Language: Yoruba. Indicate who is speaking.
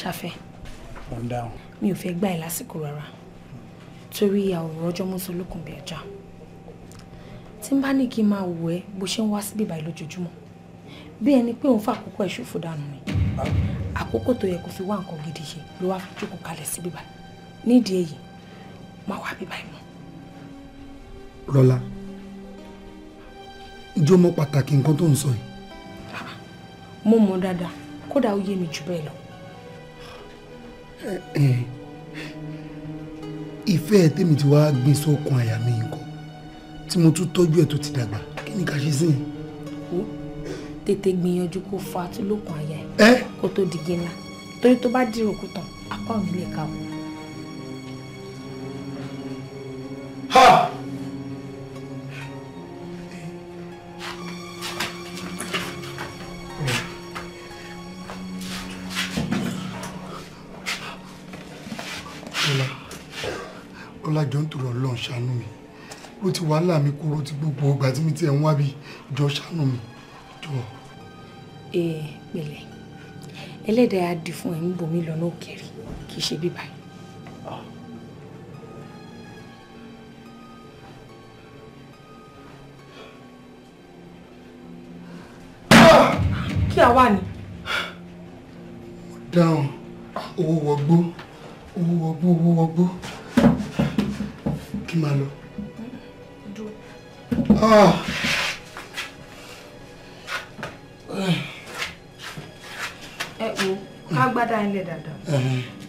Speaker 1: ṣàfẹ́. mo down. dáhùn. mi ò fẹ́ gbà ẹ́ lásìkò rárá torí àwòrán ọjọ́ mọ́tò olókùn bí ẹja tí n bá ní kí n máa wò ẹ́ bó ṣe ń wá síbí báyìí lójoojúmọ́ bí ẹni pé òun fàkókò ẹ̀ ṣòfò dànù ni àkókò tó yẹ kó fi wá nǹkan gidi ṣe ló wá fi jókòó kalẹ̀ síbí báyìí nídìí èyí má wá bí báyìí mọ́. rọlá ǹjẹ́ mọ pàtàkì nǹkan tó ń sọ yìí. mo mọ dáadáa kódà ó yé mi jù bẹ́ẹ̀ lọ ìfẹ́ tèmi ti wá gbin sókun àyà mi nǹkan tí mo tún tọ́jú ẹ̀ tó ti dàgbà kí ni ká ṣe sí yẹn. ó tètè gbìyànjú kó fa àtúlòkùn àyà ẹ kó tó di gínà torí tó bá dìrò kú tán apá ò lè kà wọ́n. Bọ́lá, Bọ́lá jọ ń tòrọ ọlọ́run ṣàánú mi. Ó ti wàhálà mi kúrò ti gbogbo ìgbà tí mi ti ẹ̀ ń wábi jọ ṣàánú mi. Jọ. Ẹ pẹ̀lẹ́, ẹlẹ́dàá á di fún ẹ̀ ń bomi lọ́nà òkèèrè kì í ṣe bíbá yìí. Kí àwa ni? Mo dáhùn, owó wọgbó owó wọgbó owó wọgbó kí máa lọ. Ah. ẹ wo ká gbádá ilé dáadáa.